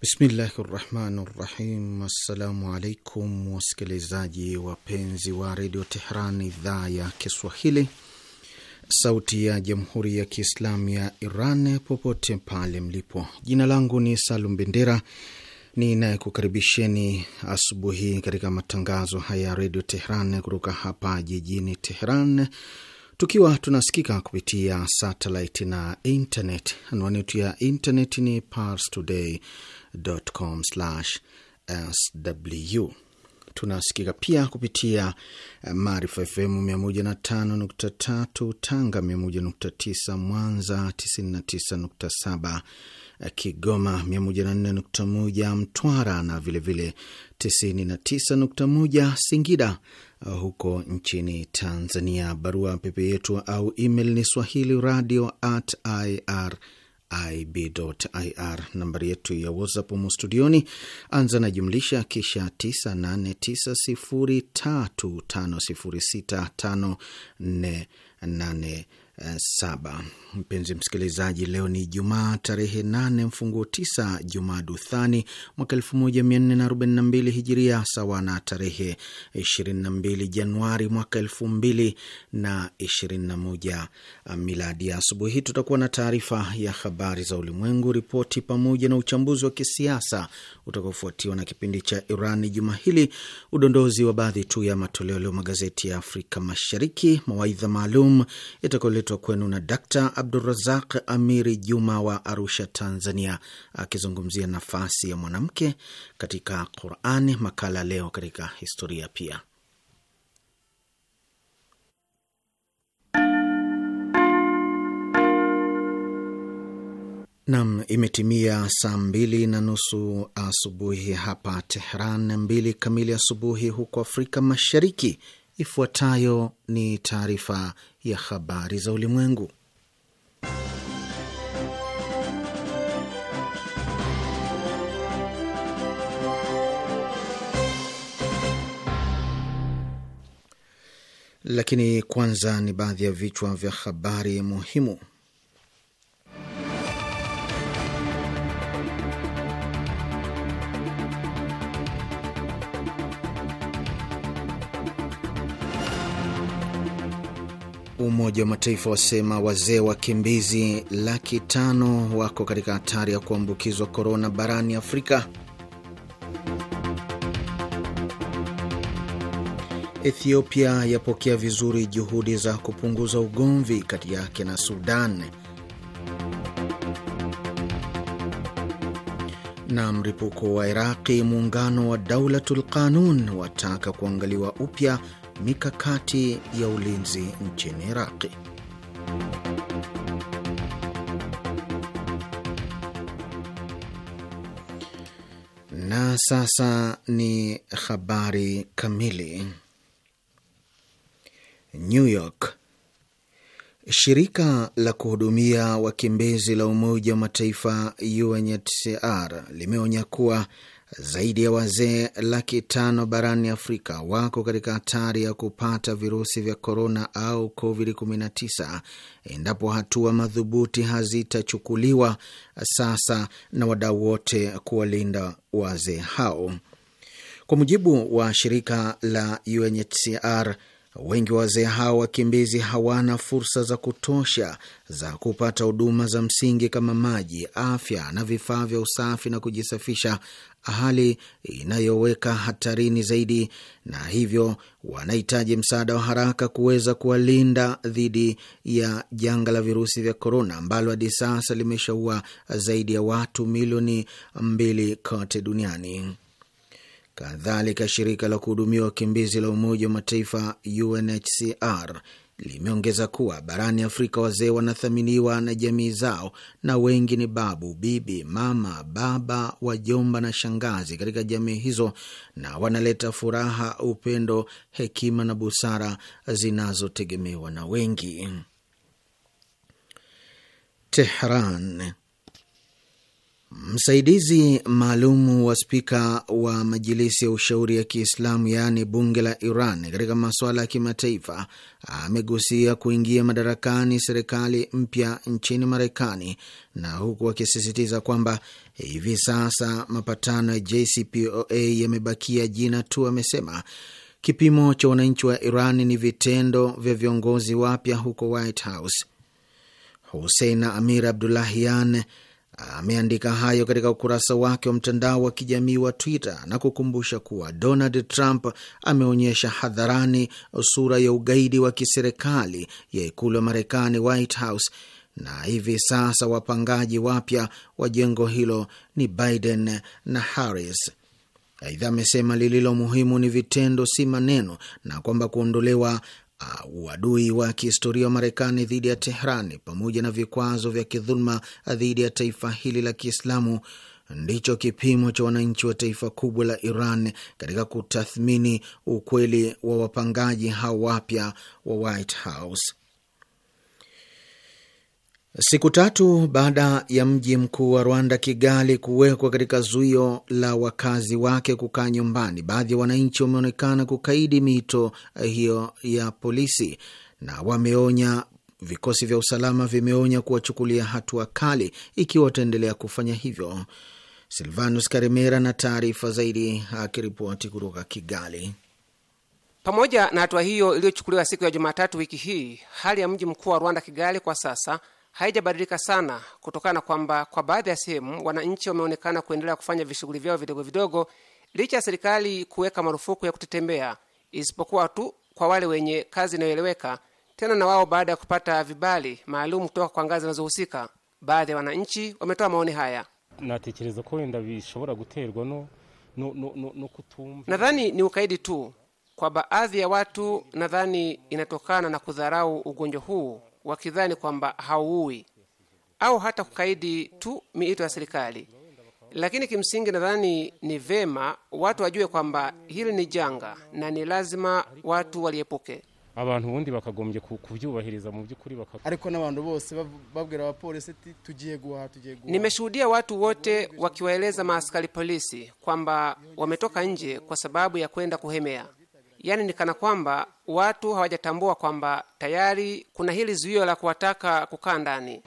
Bismillahi rahmani rahim. Assalamu alaikum wasikilizaji wapenzi wa redio Tehran, idhaa ya Kiswahili, sauti ya jamhuri ya kiislamu ya Iran, popote pale mlipo. Jina langu ni Salum Bendera ninayekukaribisheni asubuhi katika matangazo haya ya redio Tehran kutoka hapa jijini Tehran tukiwa tunasikika kupitia satellite na internet. Anwani yetu ya internet ni parstoday.com/sw. Tunasikika pia kupitia eh, Maarifa FM 105.3 Tanga, 101.9 Mwanza, 99.7 eh, Kigoma, 104.1 Mtwara na vilevile 99.1 Singida Uh, huko nchini Tanzania. Barua pepe yetu au email ni swahili radio at irib.ir. Nambari yetu ya WhatsApp humo studioni, anza na jumlisha kisha 9890350654 saba. Mpenzi msikilizaji, leo ni Jumaa tarehe 8 mfunguo 9 Duthani mwaka mbili hijiria sawa na tarehe mbili Januari mwaka moja miladi. Ya asubuhi hii tutakuwa na taarifa ya habari za ulimwengu, ripoti pamoja na uchambuzi wa kisiasa utakaofuatiwa na kipindi cha Iran juma hili, udondozi wa baadhi tu ya matoleo leo magazeti ya Afrika Mashariki, mawaidha maalum itakayoletwa yanaletwa kwenu na Dakta Abdurazaq Amiri Juma wa Arusha, Tanzania, akizungumzia nafasi ya mwanamke katika Qurani, makala leo katika historia pia Nam, imetimia saa mbili na nusu asubuhi hapa Tehran, mbili kamili asubuhi huko Afrika Mashariki. Ifuatayo ni taarifa ya habari za ulimwengu. Lakini kwanza ni baadhi ya vichwa vya habari muhimu. Umoja wa Mataifa wasema wazee wakimbizi laki tano wako katika hatari ya kuambukizwa korona barani Afrika. Ethiopia yapokea vizuri juhudi za kupunguza ugomvi kati yake na Sudan. Na mripuko wa Iraqi, muungano wa Daulatul Qanun wataka kuangaliwa upya mikakati ya ulinzi nchini Iraqi. Na sasa ni habari kamili. New York. Shirika la kuhudumia wakimbizi la Umoja wa Mataifa UNHCR limeonya kuwa zaidi ya wazee laki tano barani Afrika wako katika hatari ya kupata virusi vya korona au COVID-19 endapo hatua madhubuti hazitachukuliwa sasa na wadau wote kuwalinda wazee hao. Kwa mujibu wa shirika la UNHCR, Wengi wa wazee hao wakimbizi hawana fursa za kutosha za kupata huduma za msingi kama maji, afya na vifaa vya usafi na kujisafisha, hali inayoweka hatarini zaidi, na hivyo wanahitaji msaada wa haraka kuweza kuwalinda dhidi ya janga la virusi vya korona ambalo hadi sasa limeshaua zaidi ya watu milioni mbili kote duniani. Kadhalika, shirika la kuhudumia wakimbizi la Umoja wa Mataifa UNHCR limeongeza kuwa barani Afrika wazee wanathaminiwa na jamii zao, na wengi ni babu, bibi, mama, baba, wajomba na shangazi katika jamii hizo, na wanaleta furaha, upendo, hekima na busara zinazotegemewa na wengi. Tehran Msaidizi maalum wa spika wa majilisi ya ushauri ya Kiislamu yaani bunge la Iran katika masuala ya kimataifa amegusia kuingia madarakani serikali mpya nchini Marekani, na huku akisisitiza kwamba hivi sasa mapatano ya JCPOA yamebakia jina tu. Amesema kipimo cha wananchi wa Iran ni vitendo vya viongozi wapya huko White House. Husein Amir Abdullahian ameandika hayo katika ukurasa wake wa mtandao wa kijamii wa Twitter na kukumbusha kuwa Donald Trump ameonyesha hadharani sura ya ugaidi wa kiserikali ya ikulu ya Marekani, White House, na hivi sasa wapangaji wapya wa jengo hilo ni Biden na Harris. Aidha amesema lililo muhimu ni vitendo, si maneno, na kwamba kuondolewa uadui wa kihistoria wa Marekani dhidi ya Tehrani pamoja na vikwazo vya kidhuluma dhidi ya taifa hili la Kiislamu ndicho kipimo cha wananchi wa taifa kubwa la Iran katika kutathmini ukweli wa wapangaji hao wapya wa White House. Siku tatu baada ya mji mkuu wa Rwanda, Kigali, kuwekwa katika zuio la wakazi wake kukaa nyumbani, baadhi ya wananchi wameonekana kukaidi miito eh, hiyo ya polisi na wameonya vikosi vya usalama vimeonya kuwachukulia hatua kali ikiwa wataendelea kufanya hivyo. Silvanus Karemera na taarifa zaidi akiripoti kutoka Kigali. Pamoja na hatua hiyo iliyochukuliwa siku ya Jumatatu wiki hii, hali ya mji mkuu wa Rwanda, Kigali, kwa sasa haijabadilika sana kutokana na kwamba kwa baadhi ya sehemu wananchi wameonekana kuendelea kufanya vishughuli vyao vidogo vidogo licha ya serikali kuweka marufuku ya kutetembea, isipokuwa tu kwa wale wenye kazi inayoeleweka, tena na wao baada ya kupata vibali maalum kutoka kwa ngazi zinazohusika. Baadhi ya wananchi wametoa maoni haya. Nadhani ni ukaidi tu kwa baadhi ya watu, nadhani inatokana na kudharau ugonjwa huu wakidhani kwamba hauui au hata kukaidi tu miito ya serikali. Lakini kimsingi, nadhani ni vema watu wajue kwamba hili ni janga na ni lazima watu waliepuke. abantu ubundi bakagombye kubyubahiriza mu by'ukuri ariko n'abantu bose babwira abapolisi ati tugiye guha tugiye guha. Nimeshuhudia watu wote wakiwaeleza maaskari polisi kwamba wametoka nje kwa sababu ya kwenda kuhemea yani ni kana kwamba watu hawajatambua kwamba tayari kuna hili zuio la kuwataka kukaa ndani.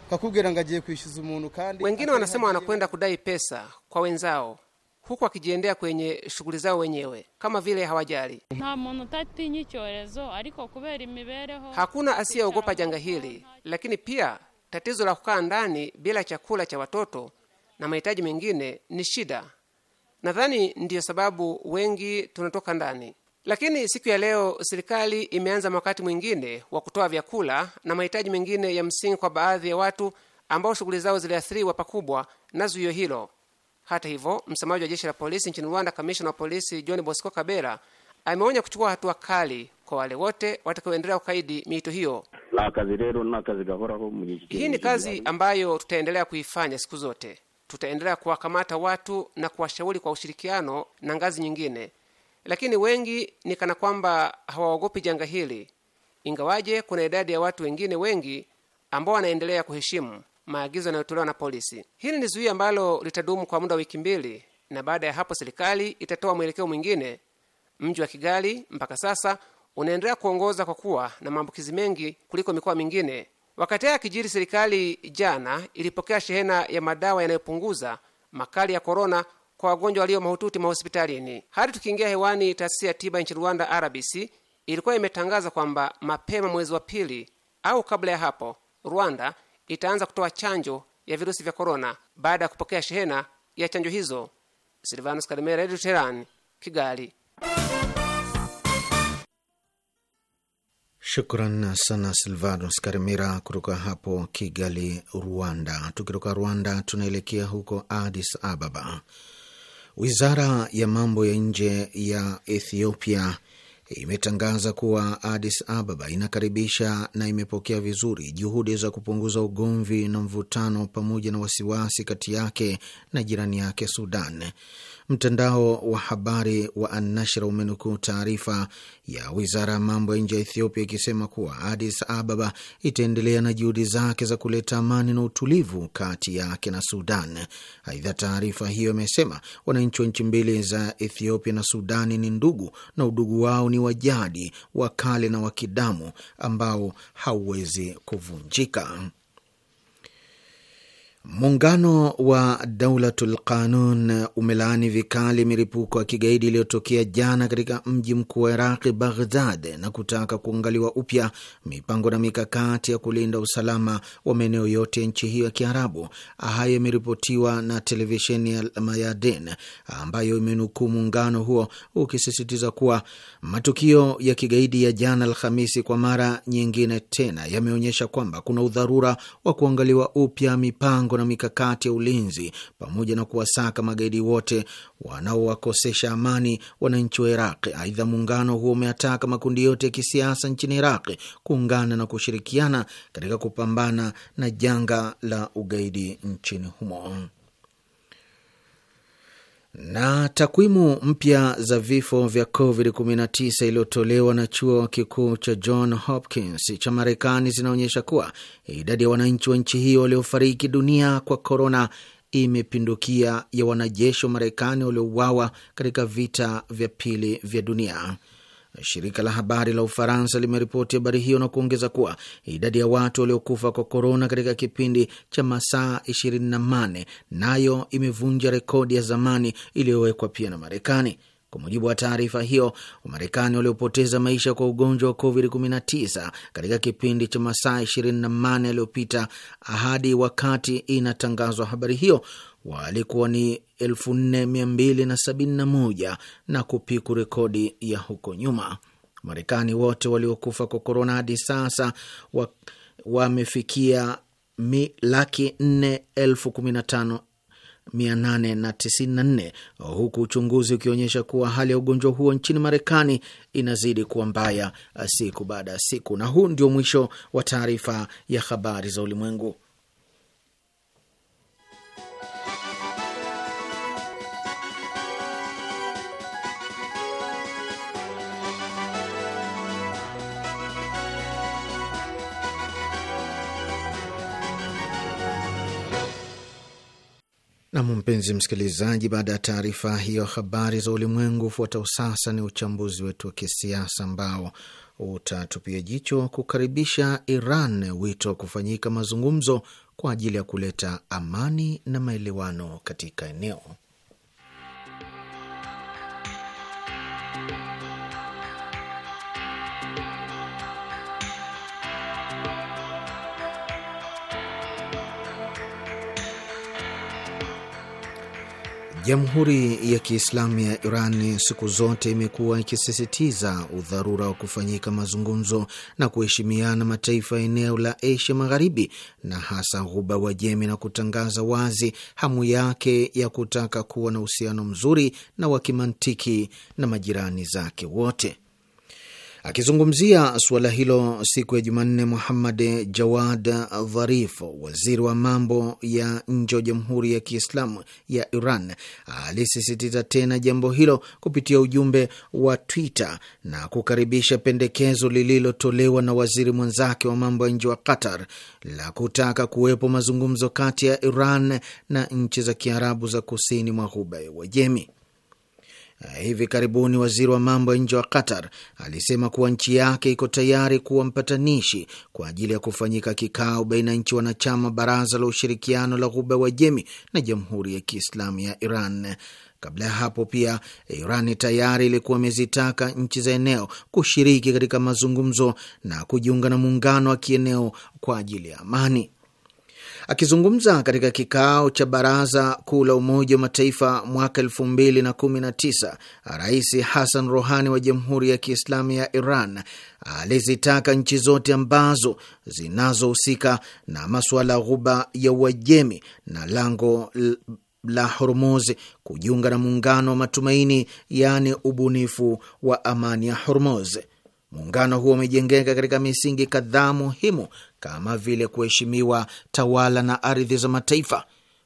Wengine wanasema wanakwenda kudai pesa kwa wenzao huku wakijiendea kwenye shughuli zao wenyewe kama vile hawajali. Hakuna asiyeogopa janga hili, lakini pia tatizo la kukaa ndani bila chakula cha watoto na mahitaji mengine ni shida. Nadhani ndiyo sababu wengi tunatoka ndani. Lakini siku ya leo serikali imeanza wakati mwingine wa kutoa vyakula na mahitaji mengine ya msingi kwa baadhi ya watu ambao shughuli zao ziliathiriwa pakubwa na zuio hilo. Hata hivyo, msemaji wa jeshi la polisi nchini Rwanda, kamishna wa polisi John Bosco Kabera ameonya kuchukua hatua kali kwa wale wote watakaoendelea kukaidi miito hiyo. Hii ni kazi ambayo tutaendelea kuifanya siku zote. Tutaendelea kuwakamata watu na kuwashauri kwa ushirikiano na ngazi nyingine lakini wengi ni kana kwamba hawaogopi janga hili, ingawaje kuna idadi ya watu wengine wengi ambao wanaendelea kuheshimu maagizo yanayotolewa na polisi. Hili ni zuio ambalo litadumu kwa muda wa wiki mbili, na baada ya hapo serikali itatoa mwelekeo mwingine. Mji wa Kigali mpaka sasa unaendelea kuongoza kwa kuwa na maambukizi mengi kuliko mikoa mingine. Wakati haya akijiri, serikali jana ilipokea shehena ya madawa yanayopunguza makali ya korona kwa wagonjwa walio mahututi mahospitalini. Hadi tukiingia hewani, taasisi ya tiba nchini Rwanda RBC ilikuwa imetangaza kwamba mapema mwezi wa pili au kabla ya hapo, Rwanda itaanza kutoa chanjo ya virusi vya korona baada ya kupokea shehena ya chanjo hizo. Silvanus Karimera, Radio Teherani, Kigali. Shukran sana Silvanus Karimira kutoka hapo Kigali, Rwanda. Tukitoka Rwanda tunaelekea huko adis Ababa Wizara ya mambo ya nje ya Ethiopia imetangaza kuwa Addis Ababa inakaribisha na imepokea vizuri juhudi za kupunguza ugomvi na mvutano pamoja na wasiwasi kati yake na jirani yake Sudan. Mtandao wa habari wa Annashra umenukuu taarifa ya wizara ya mambo ya nje ya Ethiopia ikisema kuwa Adis Ababa itaendelea na juhudi zake za kuleta amani na utulivu kati yake na Sudan. Aidha, taarifa hiyo imesema wananchi wa nchi mbili za Ethiopia na Sudani ni ndugu na udugu wao ni wa jadi, wa kale na wa kidamu ambao hauwezi kuvunjika. Muungano wa Daulatul Qanun umelaani vikali miripuko ya kigaidi iliyotokea jana katika mji mkuu wa Iraqi, Baghdad, na kutaka kuangaliwa upya mipango na mikakati ya kulinda usalama wa maeneo yote ya nchi hiyo ya Kiarabu. Hayo imeripotiwa na televisheni ya Mayadin ambayo imenukuu muungano huo ukisisitiza kuwa matukio ya kigaidi ya jana Alhamisi kwa mara nyingine tena yameonyesha kwamba kuna udharura wa kuangaliwa upya mipango mipango na mikakati ya ulinzi pamoja na kuwasaka magaidi wote wanaowakosesha amani wananchi wa iraq Aidha, muungano huo umeataka makundi yote ya kisiasa nchini iraq kuungana na kushirikiana katika kupambana na janga la ugaidi nchini humo. Na takwimu mpya za vifo vya COVID-19 iliyotolewa na chuo kikuu cha John Hopkins cha Marekani zinaonyesha kuwa idadi ya wananchi wa nchi hiyo waliofariki dunia kwa korona imepindukia ya wanajeshi wa Marekani waliouawa katika vita vya pili vya dunia. Shirika la habari la Ufaransa limeripoti habari hiyo na kuongeza kuwa idadi ya watu waliokufa kwa korona katika kipindi cha masaa 24 nayo imevunja rekodi ya zamani iliyowekwa pia na Marekani. Kwa mujibu wa taarifa hiyo, Wamarekani waliopoteza maisha kwa ugonjwa wa COVID-19 katika kipindi cha masaa 24 yaliyopita hadi wakati inatangazwa habari hiyo walikuwa ni 4271 na, kupiku rekodi ya huko nyuma. Marekani wote waliokufa kwa korona hadi sasa wamefikia wa laki 4 894 huku uchunguzi ukionyesha kuwa hali ya ugonjwa huo nchini Marekani inazidi kuwa mbaya siku baada ya siku. Na huu ndio mwisho wa taarifa ya habari za ulimwengu. Nam, mpenzi msikilizaji, baada ya taarifa hiyo habari za ulimwengu, hufuata sasa ni uchambuzi wetu wa kisiasa ambao utatupia jicho kukaribisha Iran wito wa kufanyika mazungumzo kwa ajili ya kuleta amani na maelewano katika eneo Jamhuri ya Kiislamu ya Iran siku zote imekuwa ikisisitiza udharura wa kufanyika mazungumzo na kuheshimiana mataifa ya eneo la Asia Magharibi na hasa Ghuba Wajemi, na kutangaza wazi hamu yake ya kutaka kuwa na uhusiano mzuri na wa kimantiki na majirani zake wote. Akizungumzia suala hilo siku ya Jumanne, Muhammad Jawad Dharif, waziri wa mambo ya nje wa Jamhuri ya Kiislamu ya Iran, alisisitiza tena jambo hilo kupitia ujumbe wa Twitter na kukaribisha pendekezo lililotolewa na waziri mwenzake wa mambo ya nje wa Qatar la kutaka kuwepo mazungumzo kati ya Iran na nchi za Kiarabu za kusini mwa Ghuba ya Uajemi. Hivi karibuni waziri wa mambo ya nje wa Qatar alisema kuwa nchi yake iko tayari kuwa mpatanishi kwa ajili ya kufanyika kikao baina ya nchi wanachama baraza la ushirikiano la Ghuba Wajemi na jamhuri ya Kiislamu ya Iran. Kabla ya hapo pia Iran tayari ilikuwa imezitaka nchi za eneo kushiriki katika mazungumzo na kujiunga na muungano wa kieneo kwa ajili ya amani. Akizungumza katika kikao cha baraza kuu la Umoja wa Mataifa mwaka elfu mbili na kumi na tisa, Rais Hassan Rohani wa Jamhuri ya Kiislamu ya Iran alizitaka nchi zote ambazo zinazohusika na masuala Ghuba ya Uajemi na lango la Hormuz kujiunga na muungano wa matumaini, yaani ubunifu wa amani ya Hormuz. Muungano huo umejengeka katika misingi kadhaa muhimu kama vile kuheshimiwa tawala na ardhi za mataifa,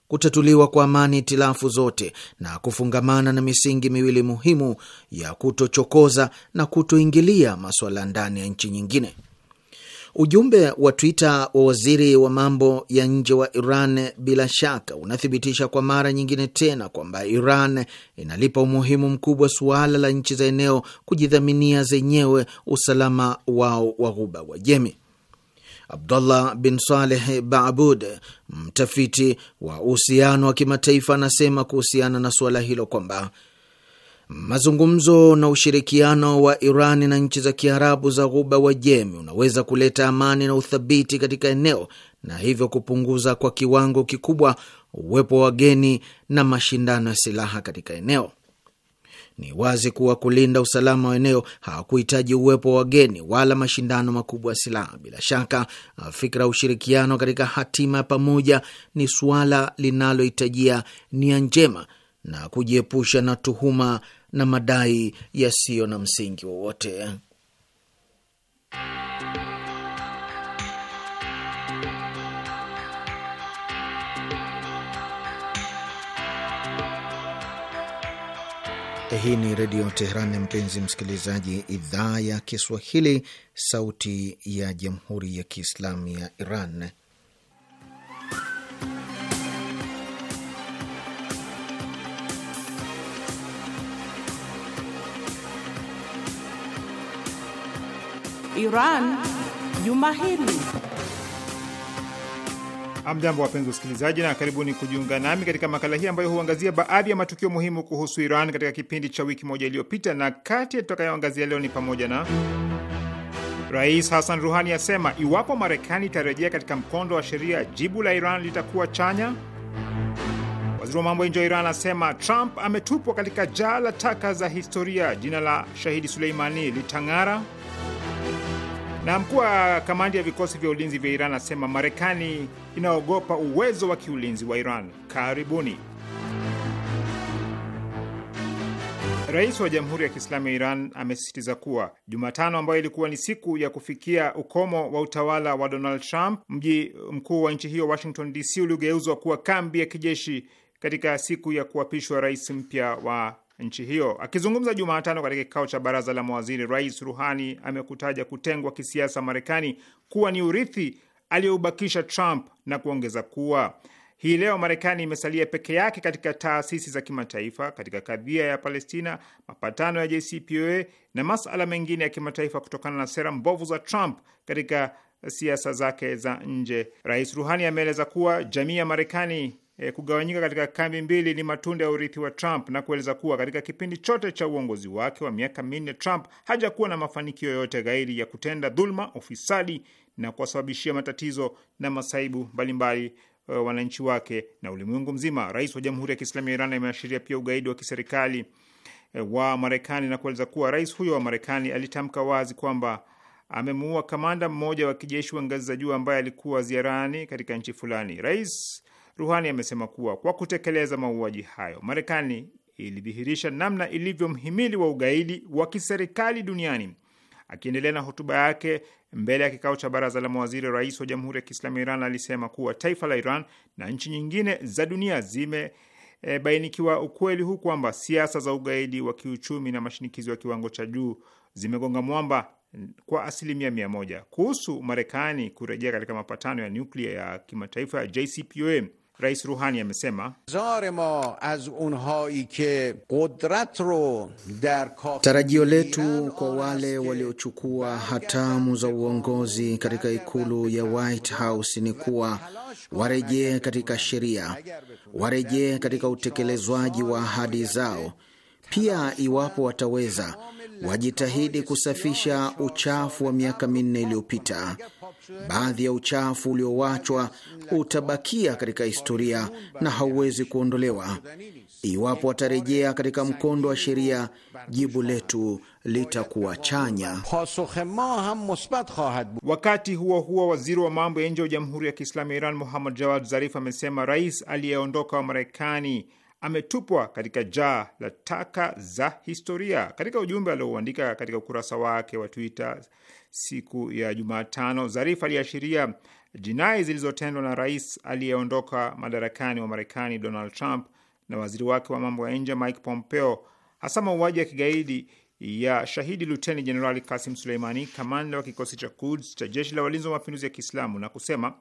kutatuliwa kwa amani itilafu zote, na kufungamana na misingi miwili muhimu ya kutochokoza na kutoingilia masuala ndani ya nchi nyingine. Ujumbe wa Twitter wa waziri wa mambo ya nje wa Iran bila shaka unathibitisha kwa mara nyingine tena kwamba Iran inalipa umuhimu mkubwa suala la nchi za eneo kujidhaminia zenyewe usalama wao wa Ghuba Wajemi. Abdullah bin Saleh Baabud, mtafiti wa uhusiano wa kimataifa, anasema kuhusiana na suala hilo kwamba Mazungumzo na ushirikiano wa Iran na nchi za Kiarabu za Ghuba Wajemi unaweza kuleta amani na uthabiti katika eneo na hivyo kupunguza kwa kiwango kikubwa uwepo wa wageni na mashindano ya silaha katika eneo. Ni wazi kuwa kulinda usalama wa eneo hakuhitaji uwepo wa wageni wala mashindano makubwa ya silaha. Bila shaka, fikra ya ushirikiano katika hatima ya pamoja ni suala linalohitajia nia njema na kujiepusha na tuhuma na madai yasiyo na msingi wowote. Hii ni Redio Teheran, mpenzi msikilizaji, idhaa ya Kiswahili, sauti ya Jamhuri ya Kiislamu ya Iran. Iran juma hili. Amjambo, wapenzi wasikilizaji, na karibuni kujiunga nami katika makala hii ambayo huangazia baadhi ya matukio muhimu kuhusu Iran katika kipindi cha wiki moja iliyopita, na kati ya tutakayoangazia leo ni pamoja na Rais Hassan Ruhani asema iwapo Marekani itarejea katika mkondo wa sheria, jibu la Iran litakuwa chanya. Waziri wa mambo ya nje wa Iran asema Trump ametupwa katika jaa la taka za historia, jina la shahidi Suleimani litang'ara. Na mkuu wa kamandi ya vikosi vya ulinzi vya Iran anasema Marekani inaogopa uwezo wa kiulinzi wa Iran. Karibuni. Rais wa Jamhuri ya Kiislamu ya Iran amesisitiza kuwa Jumatano, ambayo ilikuwa ni siku ya kufikia ukomo wa utawala wa Donald Trump, mji mkuu wa nchi hiyo Washington DC uliogeuzwa kuwa kambi ya kijeshi katika siku ya kuapishwa rais mpya wa nchi hiyo. Akizungumza Jumatano katika kikao cha baraza la mawaziri, Rais Ruhani amekutaja kutengwa kisiasa Marekani kuwa ni urithi aliyoubakisha Trump na kuongeza kuwa hii leo Marekani imesalia peke yake katika taasisi za kimataifa katika kadhia ya Palestina, mapatano ya JCPOA na masuala mengine ya kimataifa kutokana na sera mbovu za Trump katika siasa zake za nje. Rais Ruhani ameeleza kuwa jamii ya Marekani e, kugawanyika katika kambi mbili ni matunda ya urithi wa Trump na kueleza kuwa katika kipindi chote cha uongozi wake wa miaka minne, Trump hajakuwa na mafanikio yoyote ghairi ya kutenda dhuluma, ufisadi na kuwasababishia matatizo na masaibu mbalimbali uh, wananchi wake na ulimwengu mzima. Rais wa Jamhuri ya Kiislamu ya Iran ameashiria pia ugaidi wa kiserikali eh, wa Marekani na kueleza kuwa rais huyo wa Marekani alitamka wazi kwamba amemuua kamanda mmoja wa kijeshi wa ngazi za juu ambaye alikuwa ziarani katika nchi fulani. Rais Ruhani amesema kuwa kwa kutekeleza mauaji hayo, Marekani ilidhihirisha namna ilivyo mhimili wa ugaidi wa kiserikali duniani. Akiendelea na hotuba yake mbele ya kikao cha baraza la mawaziri, rais wa Jamhuri ya Kiislamu ya Iran alisema kuwa taifa la Iran na nchi nyingine za dunia zime E, bainikiwa ukweli huu kwamba siasa za ugaidi wa kiuchumi na mashinikizo ya kiwango cha juu zimegonga mwamba kwa asilimia mia moja. Kuhusu Marekani kurejea katika mapatano ya nyuklia ya kimataifa ya JCPOA, Rais Ruhani amesema tarajio letu kwa wale waliochukua hatamu za uongozi katika ikulu ya White House ni kuwa warejee katika sheria, warejee katika utekelezwaji wa ahadi zao. Pia iwapo wataweza, wajitahidi kusafisha uchafu wa miaka minne iliyopita Baadhi ya uchafu uliowachwa utabakia katika historia na hauwezi kuondolewa. Iwapo watarejea katika mkondo wa sheria, jibu letu litakuwa chanya. Wakati huo huo, waziri wa mambo ya nje wa Jamhuri ya Kiislamu ya Iran Muhammad Jawad Zarif amesema rais aliyeondoka wa Marekani ametupwa katika jaa la taka za historia. Katika ujumbe aliouandika katika ukurasa wake wa Twitter, siku ya Jumatano, Zarif aliashiria jinai zilizotendwa na rais aliyeondoka madarakani wa Marekani Donald Trump na waziri wake wa mambo ya nje Mike Pompeo, hasa mauaji ya kigaidi ya shahidi luteni jenerali Kasim Suleimani, kamanda wa kikosi cha Kuds cha jeshi la walinzi wa mapinduzi ya Kiislamu, na kusema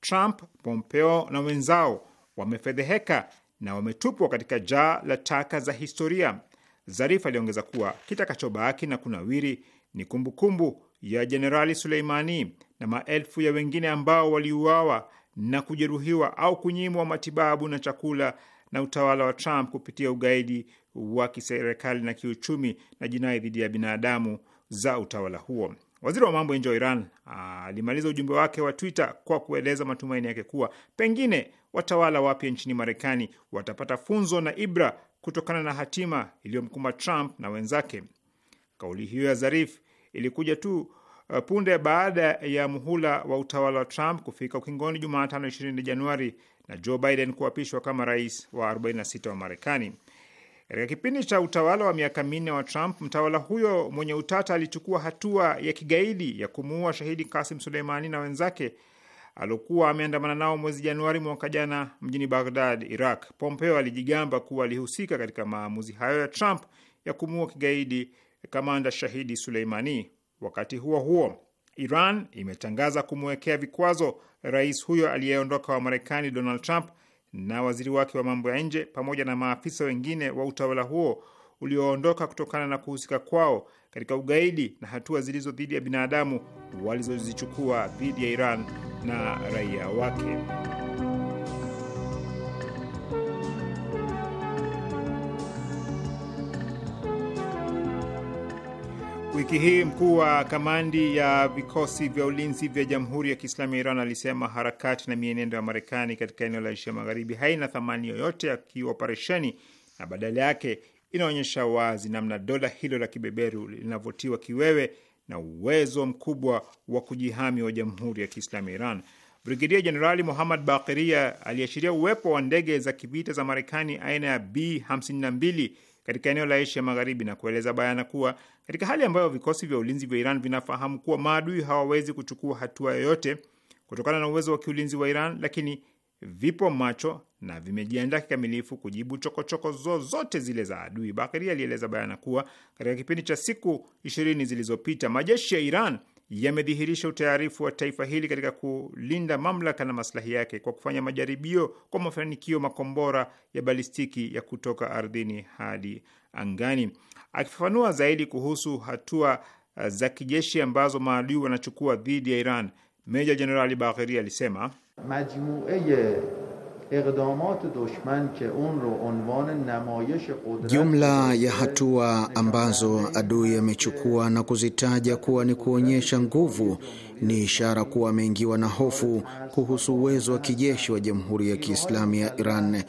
Trump, Pompeo na wenzao wamefedheheka na wametupwa katika jaa la taka za historia. Zarif aliongeza kuwa kitakachobaki na kunawiri ni kumbukumbu kumbu ya Jenerali Suleimani na maelfu ya wengine ambao waliuawa na kujeruhiwa au kunyimwa matibabu na chakula na utawala wa Trump kupitia ugaidi wa kiserikali na kiuchumi na jinai dhidi ya binadamu za utawala huo. Waziri wa mambo ya nje wa Iran ah, alimaliza ujumbe wake wa Twitter kwa kueleza matumaini yake kuwa pengine watawala wapya nchini Marekani watapata funzo na ibra kutokana na hatima iliyomkumba Trump na wenzake. Kauli hiyo ya Zarif ilikuja tu Uh, punde baada ya muhula wa utawala wa Trump kufika ukingoni Jumatano 20 Januari na Joe Biden kuapishwa kama rais wa 46 wa Marekani. Katika kipindi cha utawala wa miaka minne wa Trump, mtawala huyo mwenye utata alichukua hatua ya kigaidi ya kumuua shahidi Kasim Suleimani na wenzake aliokuwa ameandamana nao mwezi Januari mwaka jana mjini Baghdad, Iraq. Pompeo alijigamba kuwa alihusika katika maamuzi hayo ya Trump ya kumuua kigaidi kamanda shahidi Suleimani. Wakati huo huo, Iran imetangaza kumwekea vikwazo rais huyo aliyeondoka wa Marekani Donald Trump na waziri wake wa mambo ya nje pamoja na maafisa wengine wa utawala huo ulioondoka kutokana na kuhusika kwao katika ugaidi na hatua zilizo dhidi ya binadamu walizozichukua dhidi ya Iran na raia wake. Wiki hii mkuu wa kamandi ya vikosi vya ulinzi vya Jamhuri ya Kiislamu ya Iran alisema harakati na mienendo ya Marekani katika eneo la Asia Magharibi haina thamani yoyote ya kioperesheni na badala yake inaonyesha wazi namna dola hilo la kibeberu linavyotiwa kiwewe na uwezo mkubwa wa kujihami wa Jamhuri ya Kiislamu ya Iran. Brigedia Jenerali Muhammad Baqiria aliashiria uwepo wa ndege za kivita za Marekani aina ya B52 katika eneo la Asia Magharibi na kueleza bayana kuwa katika hali ambayo vikosi vya ulinzi vya Iran vinafahamu kuwa maadui hawawezi kuchukua hatua yoyote kutokana na uwezo wa kiulinzi wa Iran, lakini vipo macho na vimejiandaa kikamilifu kujibu chokochoko zozote zile za adui. Bakeri alieleza bayana kuwa katika kipindi cha siku ishirini zilizopita majeshi ya Iran yamedhihirisha utayarifu wa taifa hili katika kulinda mamlaka na maslahi yake kwa kufanya majaribio kwa mafanikio makombora ya balistiki ya kutoka ardhini hadi angani. Akifafanua zaidi kuhusu hatua uh, za kijeshi ambazo maadui wanachukua dhidi ya Iran, Meja Jenerali Bagheri alisema majmuee jumla ya hatua ambazo adui amechukua na kuzitaja kuwa ni kuonyesha nguvu ni ishara kuwa ameingiwa na hofu kuhusu uwezo wa kijeshi wa Jamhuri ya Kiislamu ya Iran,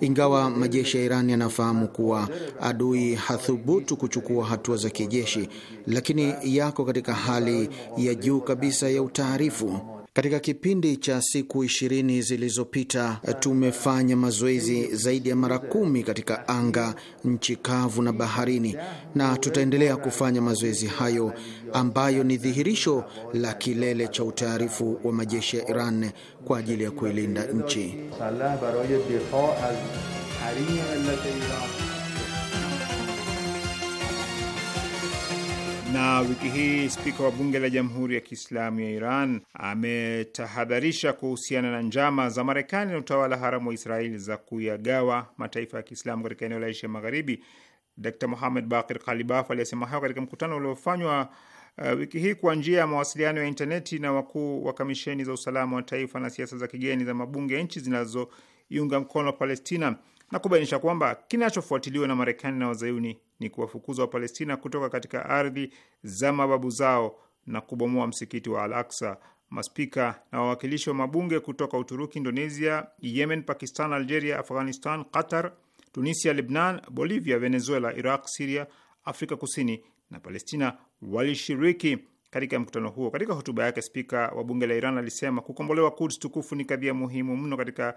ingawa majeshi ya Iran yanafahamu kuwa adui hathubutu kuchukua hatua za kijeshi, lakini yako katika hali ya juu kabisa ya utaarifu. Katika kipindi cha siku ishirini zilizopita tumefanya mazoezi zaidi ya mara kumi katika anga, nchi kavu na baharini, na tutaendelea kufanya mazoezi hayo ambayo ni dhihirisho la kilele cha utaarifu wa majeshi ya Iran kwa ajili ya kuilinda nchi. Na wiki hii spika wa bunge la Jamhuri ya Kiislamu ya Iran ametahadharisha kuhusiana na njama za Marekani na utawala haramu wa Israeli za kuyagawa mataifa ya Kiislamu katika eneo la Asia Magharibi. Dr Muhamed Bakir Kalibaf aliyesema hayo katika mkutano uliofanywa Uh, wiki hii kwa njia ya mawasiliano ya intaneti na wakuu wa kamisheni za usalama wa taifa na siasa za kigeni za mabunge ya nchi zinazoiunga mkono Palestina na kubainisha kwamba kinachofuatiliwa na Marekani na wazayuni ni kuwafukuza Wapalestina kutoka katika ardhi za mababu zao na kubomoa msikiti wa Al Aksa. Maspika na wawakilishi wa mabunge kutoka Uturuki, Indonesia, Yemen, Pakistan, Algeria, Afghanistan, Qatar, Tunisia, Lebnan, Bolivia, Venezuela, Iraq, Siria, Afrika Kusini na Palestina walishiriki katika mkutano huo. Katika hotuba yake, spika wa bunge la Iran alisema kukombolewa Kuds tukufu ni kadhia muhimu mno katika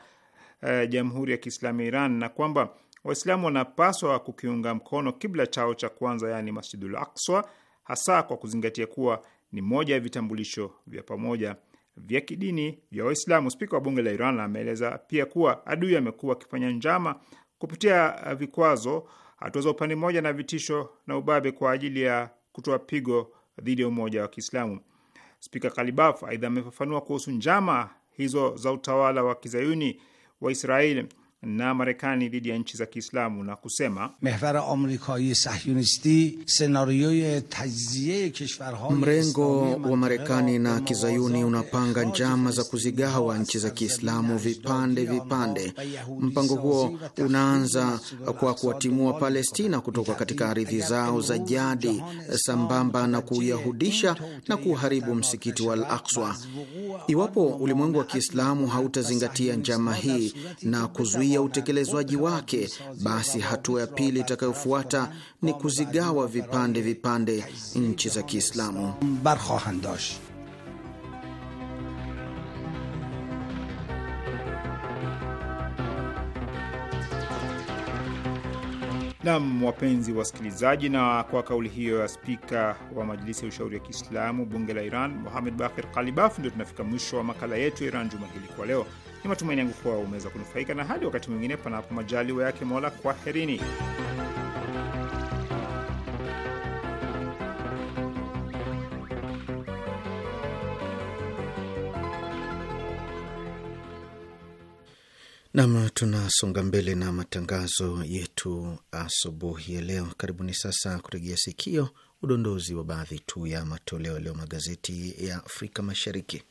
uh, jamhuri ya Kiislamu ya Iran na kwamba Waislamu wanapaswa kukiunga mkono kibla chao cha kwanza, yaani Masjidul Akswa, hasa kwa kuzingatia kuwa ni moja ya vitambulisho vya pamoja vya kidini vya Waislamu. Spika wa bunge la Iran ameeleza pia kuwa adui amekuwa akifanya njama kupitia uh, vikwazo, hatua za upande mmoja na vitisho na ubabe kwa ajili ya kutoa pigo dhidi ya umoja wa Kiislamu. Spika Kalibaf aidha amefafanua kuhusu njama hizo za utawala wa kizayuni wa Israeli na Marekani dhidi ya nchi za Kiislamu na kusema mrengo wa Marekani na kizayuni unapanga njama za kuzigawa nchi za Kiislamu vipande vipande. Mpango huo unaanza kwa kuwatimua Palestina kutoka katika ardhi zao za jadi sambamba na kuyahudisha na kuharibu msikiti wa Al Akswa. Iwapo ulimwengu wa Kiislamu hautazingatia njama hii na kuzuia ya utekelezwaji wake, basi hatua ya pili itakayofuata ni kuzigawa vipande vipande nchi za Kiislamu. Nam, wapenzi wasikilizaji, na kwa kauli hiyo ya spika wa Majlisi ya Ushauri ya Kiislamu, bunge la Iran, muhamed Bakir Kalibaf, ndio tunafika mwisho wa makala yetu ya Iran juma hili kwa leo. Ni matumaini yangu kuwa umeweza kunufaika, na hadi wakati mwingine, panapo majaliwa yake Mola, kwaherini. Nam, tunasonga mbele na matangazo yetu asubuhi ya leo. Karibuni sasa kuregea sikio udondozi wa baadhi tu ya matoleo leo magazeti ya Afrika Mashariki.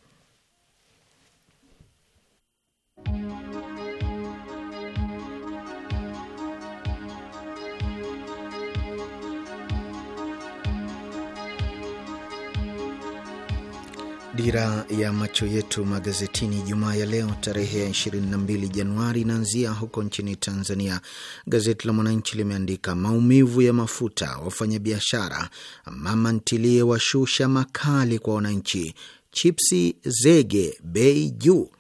Dira ya macho yetu magazetini Jumaa ya leo tarehe ya 22 Januari inaanzia huko nchini Tanzania. Gazeti la Mwananchi limeandika maumivu ya mafuta, wafanyabiashara, mama ntilie washusha makali kwa wananchi, chipsi zege bei juu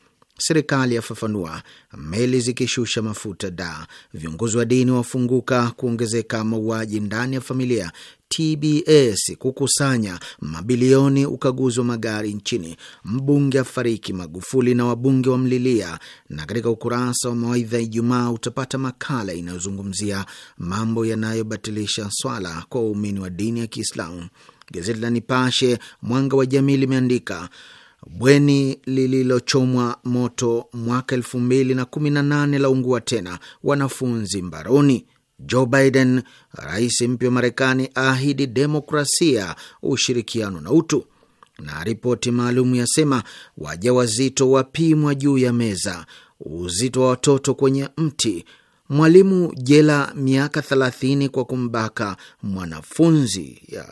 serikali yafafanua, meli zikishusha mafuta da, viongozi wa dini wafunguka kuongezeka mauaji ndani ya familia, TBS kukusanya mabilioni ukaguzi wa magari nchini, mbunge afariki, Magufuli na wabunge wamlilia. Na katika ukurasa wa mawaidha Ijumaa utapata makala inayozungumzia mambo yanayobatilisha swala kwa waumini wa dini ya Kiislamu. Gazeti la Nipashe Mwanga wa Jamii limeandika Bweni lililochomwa moto mwaka elfu mbili na kumi na nane la ungua tena, wanafunzi mbaroni. Joe Biden, rais mpya wa Marekani, aahidi demokrasia, ushirikiano na utu. Na ripoti maalum yasema waja wazito wapimwa juu ya meza, uzito wa watoto kwenye mti, mwalimu jela miaka 30 kwa kumbaka mwanafunzi ya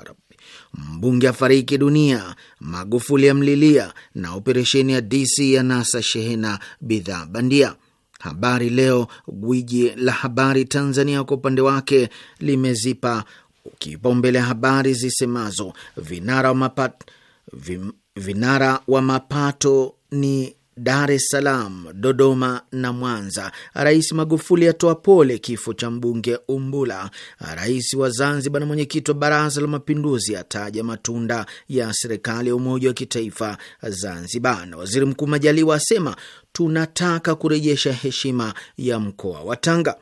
Mbunge afariki dunia, Magufuli mlilia na operesheni ya DC ya nasa shehena bidhaa bandia. Habari Leo, gwiji la habari Tanzania, kwa upande wake limezipa kipaumbele habari zisemazo vinara wa mapato, vinara wa mapato ni Dar es Salaam, Dodoma na Mwanza. Rais Magufuli atoa pole kifo cha mbunge Umbula. Rais wa Zanzibar na mwenyekiti wa Baraza la Mapinduzi ataja matunda ya serikali ya umoja wa kitaifa Zanzibar, na Waziri Mkuu Majaliwa asema tunataka kurejesha heshima ya mkoa wa Tanga.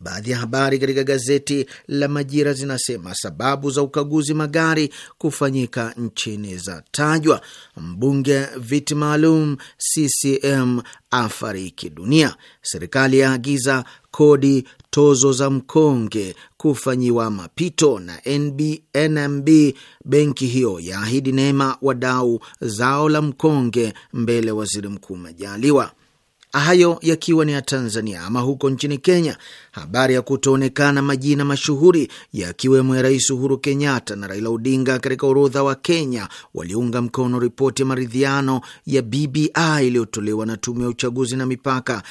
Baadhi ya habari katika gazeti la Majira zinasema sababu za ukaguzi magari kufanyika nchini za tajwa. Mbunge viti maalum CCM afariki dunia. Serikali yaagiza kodi tozo za mkonge kufanyiwa mapito na NBNMB benki hiyo yaahidi neema wadau zao la mkonge mbele waziri mkuu Majaliwa. Hayo yakiwa ni ya Tanzania. Ama huko nchini Kenya, habari ya kutoonekana majina mashuhuri yakiwemo ya Rais Uhuru Kenyatta na Raila Odinga katika orodha wa Kenya waliunga mkono ripoti ya maridhiano ya BBI iliyotolewa na tume ya uchaguzi na mipaka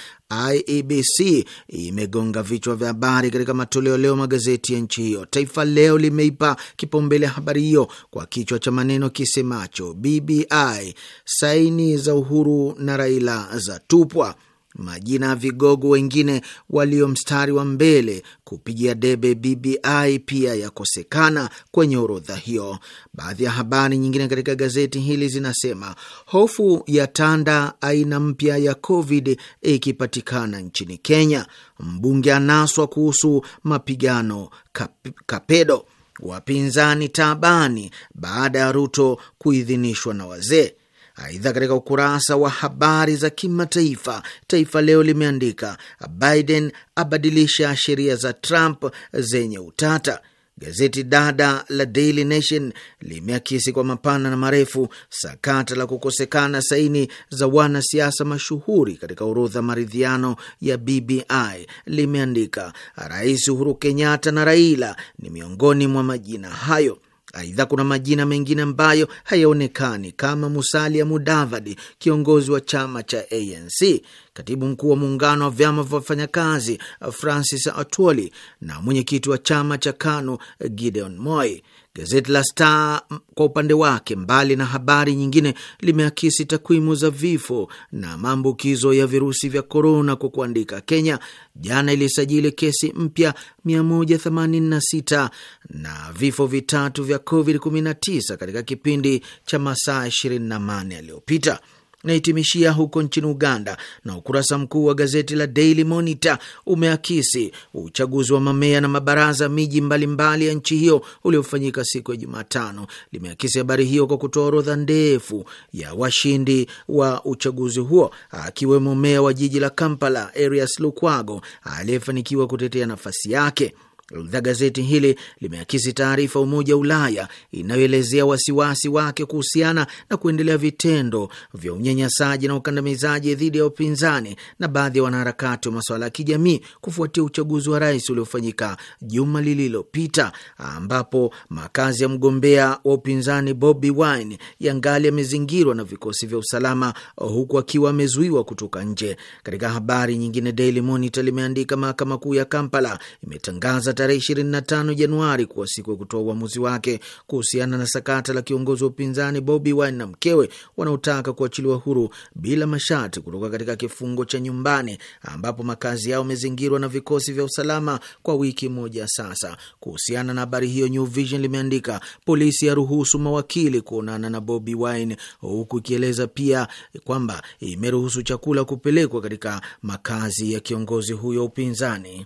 IEBC imegonga vichwa vya habari katika matoleo leo magazeti ya nchi hiyo. Taifa Leo limeipa kipaumbele habari hiyo kwa kichwa cha maneno kisemacho BBI saini za Uhuru na Raila za tupwa. Majina ya vigogo wengine walio mstari wa mbele kupigia debe BBI pia yakosekana kwenye orodha hiyo. Baadhi ya habari nyingine katika gazeti hili zinasema hofu ya tanda aina mpya ya COVID ikipatikana nchini Kenya, mbunge anaswa kuhusu mapigano kap, Kapedo, wapinzani tabani baada ya Ruto kuidhinishwa na wazee Aidha, katika ukurasa wa habari za kimataifa, Taifa Leo limeandika Biden abadilisha sheria za Trump zenye utata. Gazeti dada la Daily Nation limeakisi kwa mapana na marefu sakata la kukosekana saini za wanasiasa mashuhuri katika orodha maridhiano ya BBI. Limeandika Rais Uhuru Kenyatta na Raila ni miongoni mwa majina hayo. Aidha, kuna majina mengine ambayo hayaonekani kama Musalia Mudavadi, kiongozi wa chama cha ANC katibu mkuu wa muungano wa vyama vya wafanyakazi Francis Atwoli na mwenyekiti wa chama cha KANU Gideon Moi. Gazeti la Star kwa upande wake, mbali na habari nyingine, limeakisi takwimu za vifo na maambukizo ya virusi vya korona kwa kuandika, Kenya jana ilisajili kesi mpya 186 na vifo vitatu vya COVID-19 katika kipindi cha masaa 24 yaliyopita naitimishia huko nchini Uganda, na ukurasa mkuu wa gazeti la Daily Monitor umeakisi uchaguzi wa mamea na mabaraza miji mbalimbali ya nchi hiyo uliofanyika siku ya Jumatano. Limeakisi habari hiyo kwa kutoa orodha ndefu ya washindi wa uchaguzi huo, akiwemo meya wa jiji la Kampala Erias Lukwago aliyefanikiwa kutetea nafasi yake. Aidha, gazeti hili limeakisi taarifa ya Umoja wa Ulaya inayoelezea wasiwasi wake kuhusiana na kuendelea vitendo vya unyanyasaji na ukandamizaji dhidi ya upinzani na baadhi ya wanaharakati wa masuala ya kijamii kufuatia uchaguzi wa rais uliofanyika juma lililopita, ambapo makazi ya mgombea wa upinzani Bobi Wine yangali yamezingirwa na vikosi vya usalama huku akiwa amezuiwa kutoka nje. Katika habari nyingine, Daily Monitor limeandika mahakama kuu ya Kampala imetangaza tarehe 25 Januari kuwa siku ya kutoa uamuzi wake kuhusiana na sakata la kiongozi wa upinzani Bobi Wine na mkewe wanaotaka kuachiliwa huru bila masharti kutoka katika kifungo cha nyumbani ambapo makazi yao yamezingirwa na vikosi vya usalama kwa wiki moja sasa. Kuhusiana na habari hiyo, New Vision limeandika polisi yaruhusu mawakili kuonana na Bobi Wine, huku ikieleza pia kwamba imeruhusu chakula kupelekwa katika makazi ya kiongozi huyo upinzani.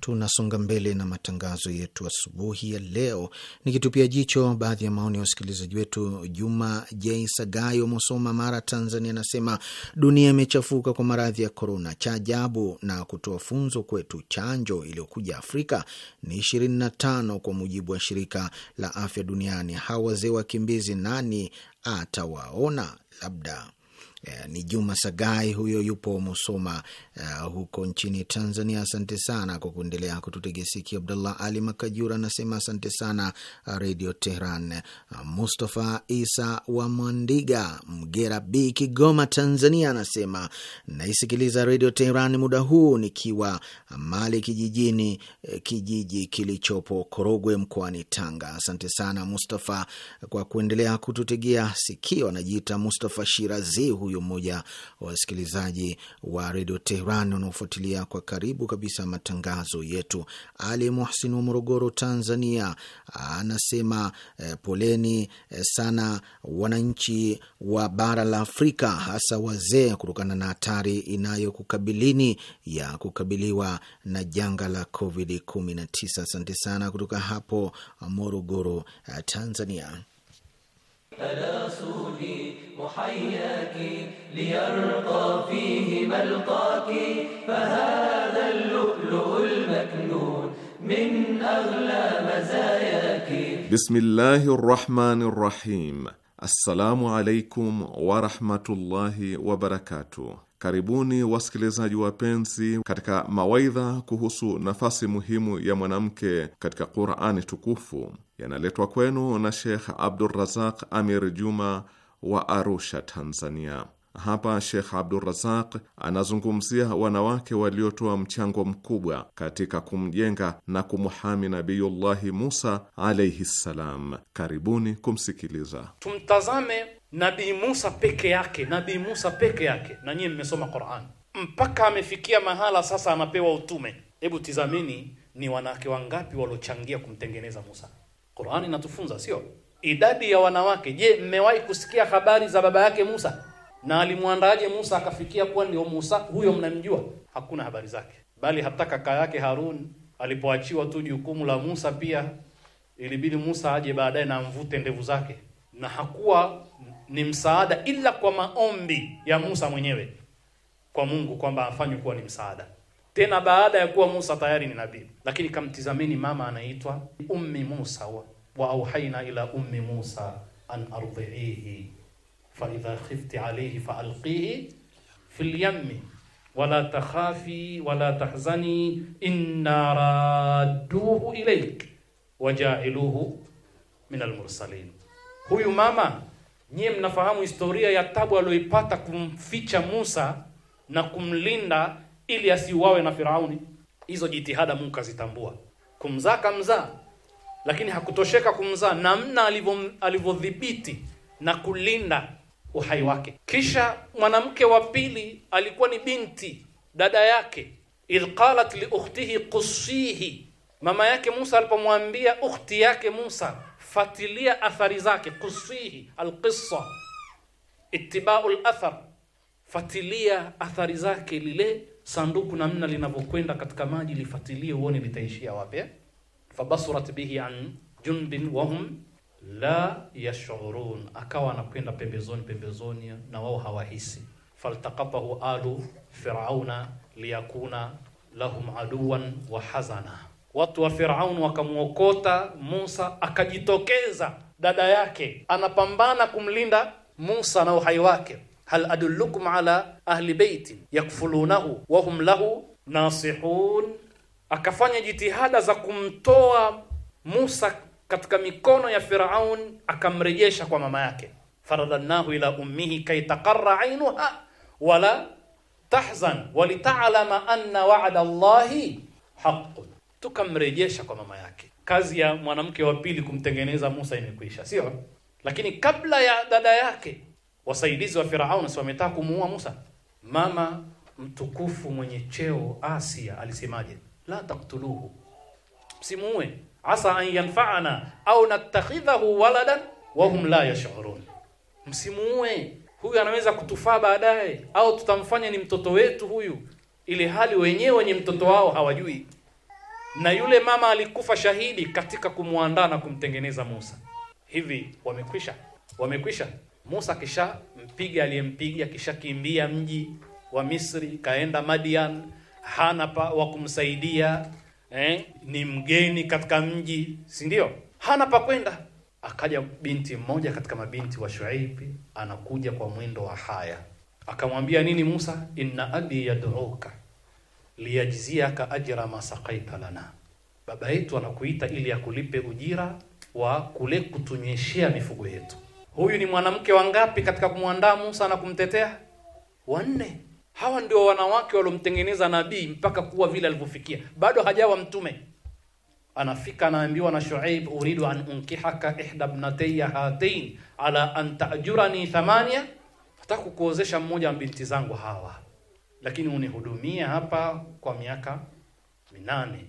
tunasonga mbele na matangazo yetu asubuhi ya leo, nikitupia jicho baadhi ya maoni ya wasikilizaji wetu. Juma J Sagayo, Musoma, Mara, Tanzania, anasema dunia imechafuka kwa maradhi ya korona. Cha ajabu na kutoa funzo kwetu, chanjo iliyokuja Afrika ni ishirini na tano kwa mujibu wa shirika la afya duniani. Hawa wazee wakimbizi nani atawaona? labda Eh, ni Juma Sagai huyo, yupo Musoma uh, huko nchini Tanzania. Asante sana kwa kuendelea kututegea sikio. Abdullah Ali Makajura anasema asante sana eh, Redio Tehran. Mustafa Isa wa Mwandiga, Mgera B, Kigoma, Tanzania anasema naisikiliza Radio Tehran muda huu nikiwa mali kijijini, kijiji kilichopo Korogwe mkoani Tanga. Asante sana Mustafa kwa kuendelea kututegea sikio. Anajiita Mustafa Shirazi huyo mmoja wa wasikilizaji wa redio Tehran wanaofuatilia kwa karibu kabisa matangazo yetu. Ali Muhsin wa Morogoro, Tanzania, anasema eh, poleni eh, sana wananchi wa bara la Afrika, hasa wazee, kutokana na hatari inayokukabilini ya kukabiliwa na janga la COVID 19. Asante sana kutoka hapo Morogoro, eh, Tanzania. ألا سودي محياك ليرقى فيه ملقاك فهذا اللؤلؤ المكنون من أغلى مزاياك بسم الله الرحمن الرحيم السلام عليكم ورحمة الله وبركاته Karibuni wasikilizaji wapenzi katika mawaidha kuhusu nafasi muhimu ya mwanamke katika Qur'ani tukufu. yanaletwa kwenu na Shekh abdurrazaq Amir Juma wa Arusha, Tanzania. Hapa Shekh abdurrazaq anazungumzia wanawake waliotoa mchango mkubwa katika kumjenga na kumhami Nabiyullahi Musa alaihi ssalam. Karibuni kumsikiliza. Tumtazame Nabii Musa peke yake, Nabii Musa peke yake, na nyie mmesoma Qur'an mpaka amefikia mahala sasa anapewa utume. Hebu tizamini ni wanawake wangapi waliochangia kumtengeneza Musa. Qur'an inatufunza sio? Idadi ya wanawake. Je, mmewahi kusikia habari za baba yake Musa? Na alimwandaje Musa akafikia kuwa ndio Musa huyo mnamjua? Hakuna habari zake. Bali hata kaka yake Harun alipoachiwa tu jukumu la Musa pia ilibidi Musa aje baadaye na mvute ndevu zake, na hakuwa ni msaada ila kwa maombi ya Musa mwenyewe kwa Mungu kwamba afanywe kuwa ni msaada tena baada ya kuwa Musa tayari ni nabii. Lakini kamtizameni mama anaitwa ummi Musa, wa, auhaina ila ummi Musa an ardhiihi fa idha khifti alayhi fa alqihi fil yammi wala takhafi wala tahzani inna radduhu ilayk wajailuhu min almursalin. Huyu mama nyie mnafahamu historia ya tabu aliyoipata kumficha Musa na kumlinda ili asiuawe na Firauni. Hizo jitihada Mungu kazitambua. Kumzaa kamzaa, lakini hakutosheka kumzaa, namna alivyodhibiti na kulinda uhai wake. Kisha mwanamke wa pili alikuwa ni binti dada yake, idh qalat li ukhtihi qussihi, mama yake Musa alipomwambia ukhti yake Musa, fatilia athari zake. Qussihi alqissa, ittiba'u alathar, fatilia athari zake lile sanduku namna linavyokwenda katika maji, lifuatilie uone litaishia wapi. Eh? Fabasurat bihi an junbin wahum la yashurun, akawa anakwenda pembezoni pembezoni na wao hawahisi. Faltaqatahu alu firauna liyakuna lahum aduwan wa hazana, watu wa Firaun wakamwokota Musa, akajitokeza dada yake anapambana kumlinda Musa na uhai wake hal adullukum ala ahli baitin yakfulunahu wa hum lahu nasihun, akafanya jitihada za kumtoa Musa katika mikono ya Firaun, akamrejesha kwa mama yake. faradannahu ila ummihi kay taqarra ainuha wala tahzan walitalama anna wa'da Allahi haqqun, tukamrejesha kwa mama yake. Kazi ya mwanamke wa pili kumtengeneza Musa imekwisha, sio? Lakini kabla ya dada yake wasaidizi wa firaun si wametaka kumuua Musa? Mama mtukufu mwenye cheo Asia alisemaje? La taktuluhu, msimuue, asa an yanfa'ana au natakhidhahu waladan wa hum la yash'urun, msimuue, huyu anaweza kutufaa baadaye, au tutamfanya ni mtoto wetu huyu, ili hali wenyewe wenye mtoto wao hawajui. Na yule mama alikufa shahidi katika kumwandaa na kumtengeneza Musa. Hivi wamekwisha, wamekwisha Musa akishampiga aliyempiga, akishakimbia mji wa Misri, kaenda Madian, hana pa wa kumsaidia eh, ni mgeni katika mji, si ndio? Hana pa kwenda. Akaja binti mmoja katika mabinti wa Shuaibi, anakuja kwa mwendo wa haya, akamwambia nini Musa? inna abi yad'uka liyajziaka ajra ma saqaita lana, baba yetu anakuita ili akulipe ujira wa kule kutunyeshea mifugo yetu. Huyu ni mwanamke wangapi katika kumwandaa Musa na kumtetea? Wanne. Hawa ndio wanawake waliomtengeneza nabii mpaka kuwa vile alivyofikia. Bado hajawa mtume. Anafika anaambiwa na Shuaib, uridu an unkihaka ihda ibnatayya hatain ala an ta'jurani thamania, nataka kuozesha mmoja wa binti zangu hawa, lakini unihudumia hapa kwa miaka minane.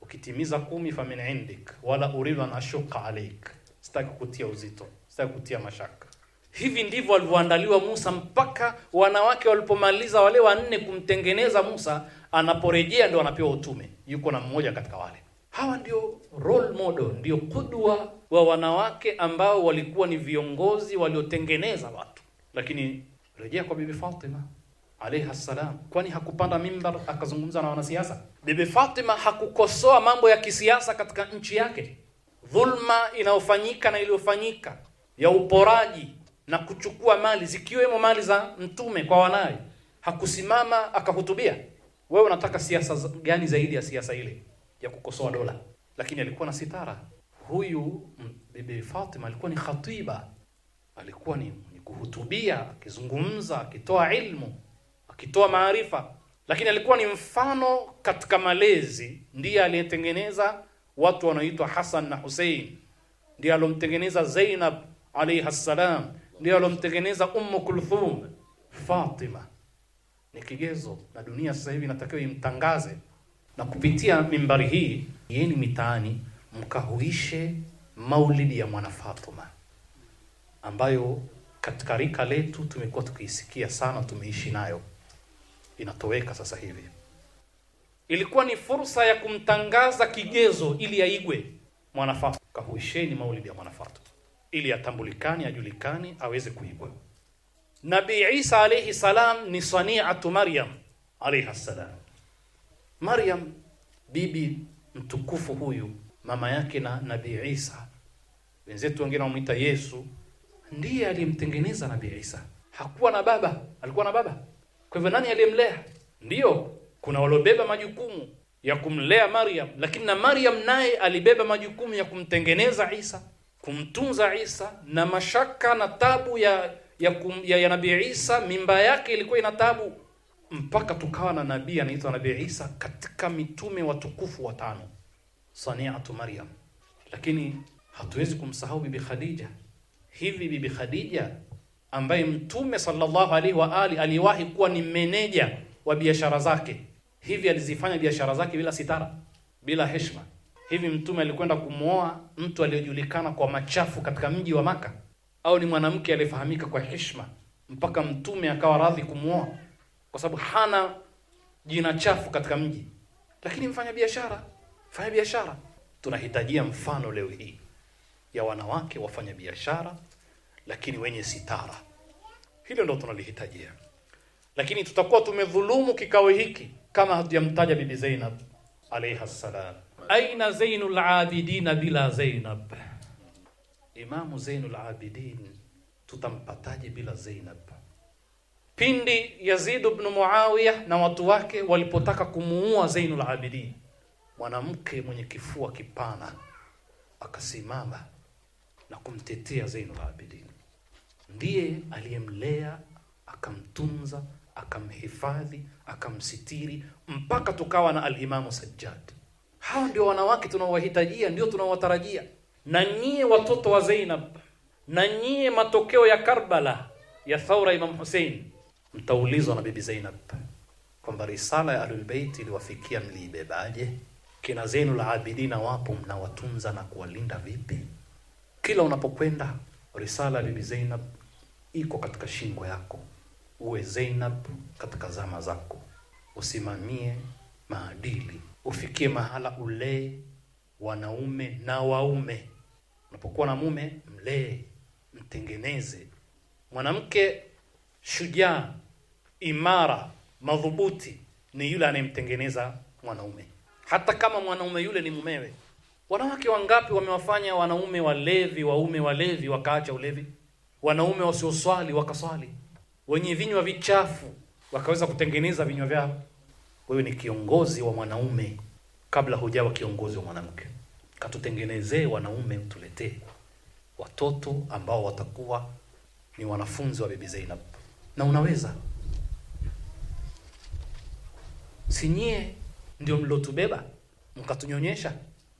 Ukitimiza kumi famin indik wala uridu an ashuqa alaik, sitaki kutia uzito za kutia mashaka. Hivi ndivyo walivyoandaliwa Musa, mpaka wanawake walipomaliza wale wanne kumtengeneza Musa, anaporejea ndio anapewa utume. Yuko na mmoja katika wale hawa, ndio role model, ndio kudwa wa wanawake ambao walikuwa ni viongozi waliotengeneza watu. Lakini rejea kwa Bibi Fatima alayha salam, kwani hakupanda mimbar akazungumza na wanasiasa? Bibi Fatima hakukosoa mambo ya kisiasa katika nchi yake, dhulma inayofanyika na iliyofanyika ya uporaji na kuchukua mali zikiwemo mali za mtume kwa wanawe, hakusimama akahutubia. Wewe unataka siasa gani zaidi ya siasa ile ya kukosoa dola? Lakini alikuwa na sitara huyu bibi Fatima, alikuwa ni khatiba, alikuwa ni, ni kuhutubia, akizungumza, akitoa ilmu, akitoa maarifa, lakini alikuwa ni mfano katika malezi. Ndiye aliyetengeneza watu wanaoitwa Hasan na Hussein, ndiye alomtengeneza Zainab alayhi salam ndiyo alomtengeneza Ummu Kulthum. Fatima ni kigezo na dunia sasa hivi inatakiwa imtangaze, na kupitia mimbari hii, yeni mitaani mkahuishe maulidi ya mwana Fatima ambayo katika rika letu tumekuwa tukiisikia sana, tumeishi nayo, inatoweka sasa hivi. Ilikuwa ni fursa ya kumtangaza kigezo ili aigwe mwana Fatima. Kahuisheni maulidi ya mwana Fatima ili atambulikane, ajulikane, aweze kuibwa. Nabii Isa alayhi salam ni saniatu Maryam alayha salam. Maryam bibi mtukufu huyu mama yake na Nabii Isa, wenzetu wengine wamwita Yesu, ndiye aliyemtengeneza Nabii Isa. Hakuwa na baba, alikuwa na baba. Kwa hivyo nani aliyemlea? Ndiyo, kuna waliobeba majukumu ya kumlea Maryam, lakini na Maryam naye alibeba majukumu ya kumtengeneza Isa kumtunza Isa na mashaka na tabu ya ya, kum, ya, ya Nabii Isa, mimba yake ilikuwa ina tabu mpaka tukawa na nabii anaitwa Nabii Isa katika mitume watukufu watano, saniatu Maryam. Lakini hatuwezi kumsahau Bibi Khadija. Hivi Bibi Khadija ambaye Mtume sallallahu alaihi wa ali aliwahi kuwa ni meneja wa biashara zake, hivi alizifanya biashara zake bila sitara, bila heshima Hivi mtume alikwenda kumwoa mtu aliyojulikana kwa machafu katika mji wa Maka, au ni mwanamke aliyefahamika kwa heshima mpaka mtume akawa radhi kumwoa, kwa sababu hana jina chafu katika mji? Lakini mfanya biashara, fanya biashara, tunahitajia mfano leo hii ya wanawake wafanya biashara, lakini wenye sitara. Hilo ndo tunalihitajia, lakini tutakuwa tumedhulumu kikao hiki kama hatujamtaja Bibi Zainab alayha salam aina Zainul Abidin bila Zainab? Imamu Zainul Abidin tutampataje bila Zainab? Pindi Yazid ibn Muawiya na watu wake walipotaka kumuua Zainul Abidin, mwanamke mwenye kifua kipana akasimama na kumtetea Zainul Abidin. Ndiye aliyemlea akamtunza, akamhifadhi, akamsitiri mpaka tukawa na Alimamu Sajjad hawa ndio wanawake tunaowahitajia, ndio tunaowatarajia. Na nyie watoto wa Zainab, na nyie matokeo ya Karbala ya thaura Imam Hussein, mtaulizwa na bibi Zainab kwamba risala ya Ahlul Bait iliwafikia, mliibebaje? Kina Zainul Abidin wapo, mnawatunza na kuwalinda vipi? Kila unapokwenda risala ya bibi Zainab iko katika shingo yako. Uwe Zainab katika zama zako, usimamie maadili ufikie mahala ulee wanaume na waume. Unapokuwa na mume, mlee, mtengeneze. Mwanamke shujaa, imara, madhubuti ni yule anayemtengeneza mwanaume, hata kama mwanaume yule ni mumewe. Wanawake wangapi wamewafanya wanaume walevi, waume walevi, wakaacha ulevi, wanaume wasioswali wakaswali, wenye vinywa vichafu wakaweza kutengeneza vinywa vyao wewe ni kiongozi wa mwanaume kabla hujawa kiongozi wa mwanamke. Katutengenezee wanaume, utuletee watoto ambao watakuwa ni wanafunzi wa Bibi Zainab, na unaweza si nyie ndio mlotubeba mkatunyonyesha,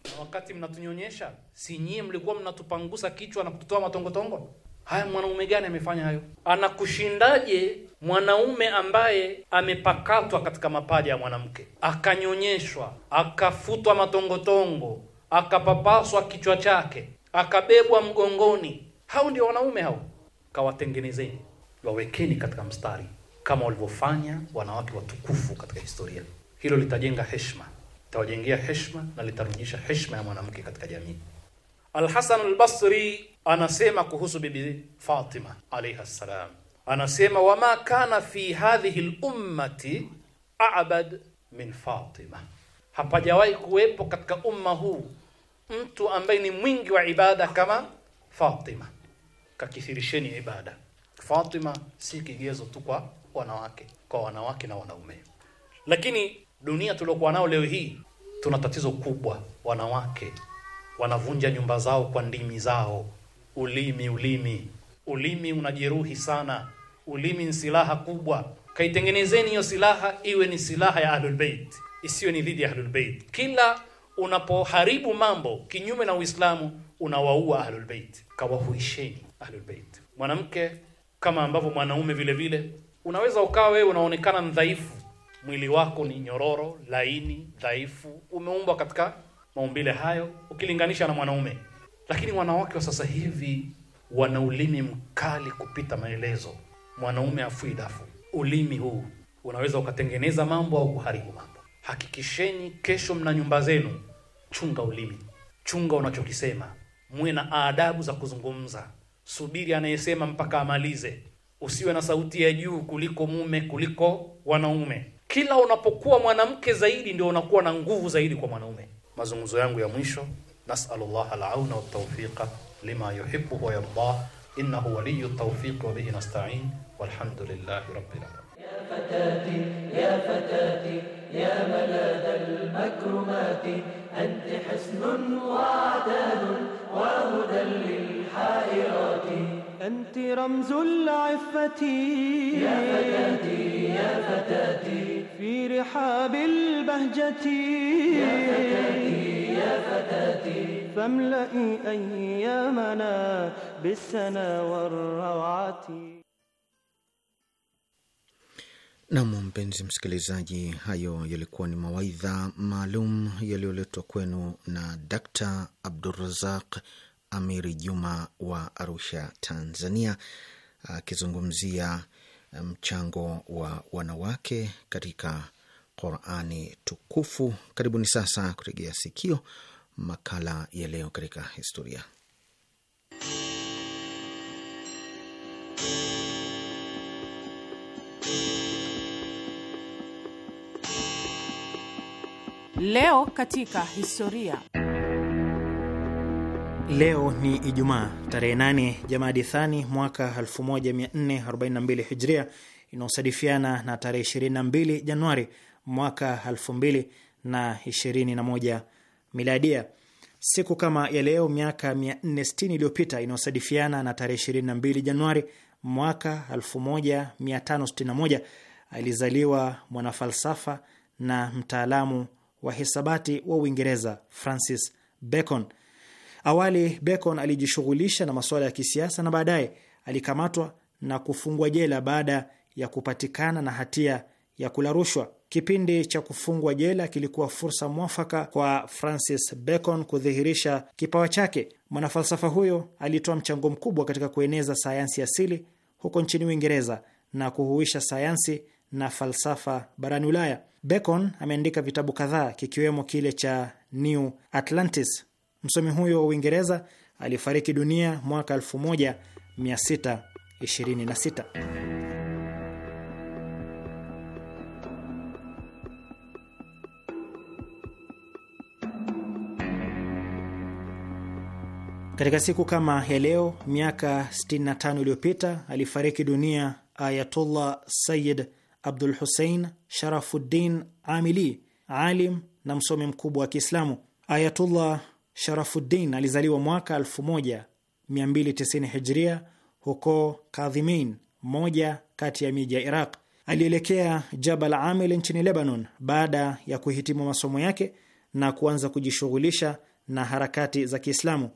na wakati mnatunyonyesha si nyie mlikuwa mnatupangusa kichwa na kututoa matongotongo? haya mwanaume gani amefanya hayo? Anakushindaje mwanaume ambaye amepakatwa katika mapaja ya mwanamke, akanyonyeshwa, akafutwa matongotongo, akapapaswa kichwa chake, akabebwa mgongoni? Hao ndio wanaume hao. Kawatengenezeni, wawekeni katika mstari kama walivyofanya wanawake watukufu katika historia. Hilo litajenga heshima, litawajengea heshima na litarudisha heshima ya mwanamke katika jamii. Al-Hasan al-Basri anasema kuhusu bibi Fatima alayha salam, anasema wama kana fi hadhihi lummati abad min Fatima, hapajawahi kuwepo katika umma huu mtu ambaye ni mwingi wa ibada kama Fatima. Kakithirisheni ibada. Fatima si kigezo tu kwa wanawake, kwa wanawake na wanaume, lakini dunia tuliokuwa nao leo hii tuna tatizo kubwa. Wanawake wanavunja nyumba zao kwa ndimi zao Ulimi, ulimi, ulimi unajeruhi sana. Ulimi ni silaha kubwa. Kaitengenezeni hiyo silaha iwe ni silaha ya Ahlul Bait, ni dhidi ya Ahlul Bait. Kila unapoharibu mambo kinyume na Uislamu unawaua Ahlul Bait. Kawahuisheni Ahlul Bait. Mwanamke kama ambavyo mwanaume vile vile unaweza ukawa wewe unaonekana mdhaifu, mwili wako ni nyororo, laini, dhaifu, umeumbwa katika maumbile hayo ukilinganisha na mwanaume lakini wanawake wa sasa hivi wana ulimi mkali kupita maelezo. Mwanaume afui dafu. Ulimi huu unaweza ukatengeneza mambo au kuharibu mambo. Hakikisheni kesho mna nyumba zenu, chunga ulimi, chunga unachokisema, muwe na adabu za kuzungumza. Subiri anayesema mpaka amalize, usiwe na sauti ya juu kuliko mume, kuliko wanaume. Kila unapokuwa mwanamke zaidi, ndio unakuwa na nguvu zaidi kwa mwanaume. Mazungumzo yangu ya mwisho نسأل الله العون والتوفيق لما يحبه ويرضاه إنه ولي التوفيق وبه نستعين والحمد لله رب العالمين يا فتاتي يا فتاتي يا ملاذ المكرمات أنت حسن وعداد وهدى للحائرات أنت رمز العفة يا فتاتي يا فتاتي في رحاب البهجة يا فتاتي يا فتاتي فاملئي أيامنا بالسنا والروعة Nam, mpenzi msikilizaji, hayo yalikuwa ni mawaidha maalum yaliyoletwa kwenu na Dakta Abdurazaq Amiri Juma wa Arusha, Tanzania, akizungumzia mchango wa wanawake katika Qurani Tukufu. Karibuni sasa kuregea sikio makala ya leo katika historia. Leo katika historia. Leo ni Ijumaa tarehe 8 Jamadi Thani mwaka 1442 Hijria, inaosadifiana na tarehe 22 Januari mwaka moja miladia. Siku kama ya leo miaka 460 iliyopita inayosadifiana na tarehe 22 Januari mwaka 1561 alizaliwa mwanafalsafa na mtaalamu wa hisabati wa Uingereza Francis Bacon. Awali Bacon alijishughulisha na masuala ya kisiasa na baadaye alikamatwa na kufungwa jela baada ya kupatikana na hatia ya kula rushwa. Kipindi cha kufungwa jela kilikuwa fursa mwafaka kwa Francis Bacon kudhihirisha kipawa chake. Mwanafalsafa huyo alitoa mchango mkubwa katika kueneza sayansi asili huko nchini Uingereza na kuhuisha sayansi na falsafa barani Ulaya. Bacon ameandika vitabu kadhaa kikiwemo kile cha New Atlantis. Msomi huyo wa Uingereza alifariki dunia mwaka 1626. Katika siku kama ya leo miaka 65 iliyopita alifariki dunia Ayatullah sayid Abdul Hussein Sharafuddin Amili, alim na msomi mkubwa wa Kiislamu. Ayatullah Sharafuddin alizaliwa mwaka 1290 Hijria huko Kadhimin, moja kati ya miji ya Iraq. Alielekea Jabal Amil nchini Lebanon baada ya kuhitimu masomo yake na kuanza kujishughulisha na harakati za Kiislamu.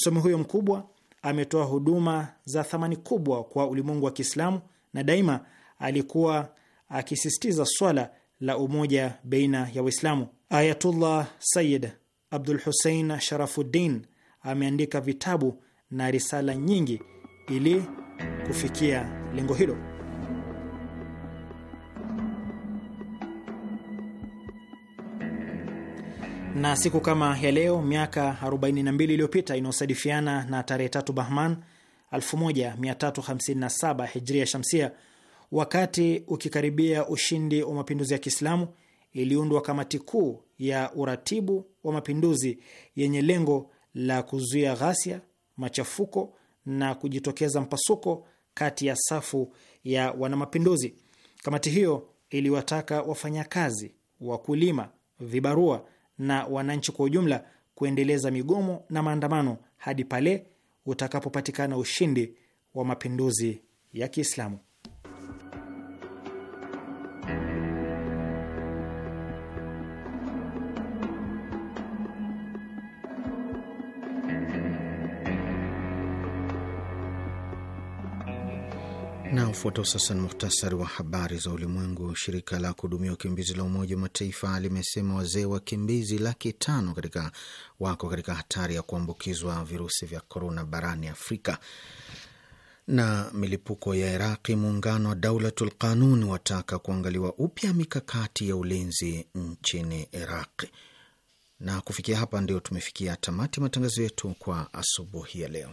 Msomi huyo mkubwa ametoa huduma za thamani kubwa kwa ulimwengu wa Kiislamu na daima alikuwa akisisitiza swala la umoja baina ya Waislamu. Ayatullah sayid Abdul husein Sharafuddin ameandika vitabu na risala nyingi ili kufikia lengo hilo. na siku kama ya leo miaka 42 iliyopita inaosadifiana na tarehe tatu Bahman 1357 hijria shamsia, wakati ukikaribia ushindi wa mapinduzi ya Kiislamu, iliundwa kamati kuu ya uratibu wa mapinduzi yenye lengo la kuzuia ghasia, machafuko na kujitokeza mpasuko kati ya safu ya wanamapinduzi. Kamati hiyo iliwataka wafanyakazi, wakulima, vibarua na wananchi kwa ujumla kuendeleza migomo na maandamano hadi pale utakapopatikana ushindi wa mapinduzi ya Kiislamu. Unaofuata sasa ni muhtasari wa habari za ulimwengu. Shirika la kuhudumia wakimbizi la Umoja wa Mataifa limesema wazee wakimbizi laki tano katika wako katika hatari ya kuambukizwa virusi vya korona barani Afrika. Na milipuko ya Iraqi, muungano wa Daulatul Qanun wataka kuangaliwa upya mikakati ya ulinzi nchini Iraqi. Na kufikia hapa, ndio tumefikia tamati matangazo yetu kwa asubuhi ya leo.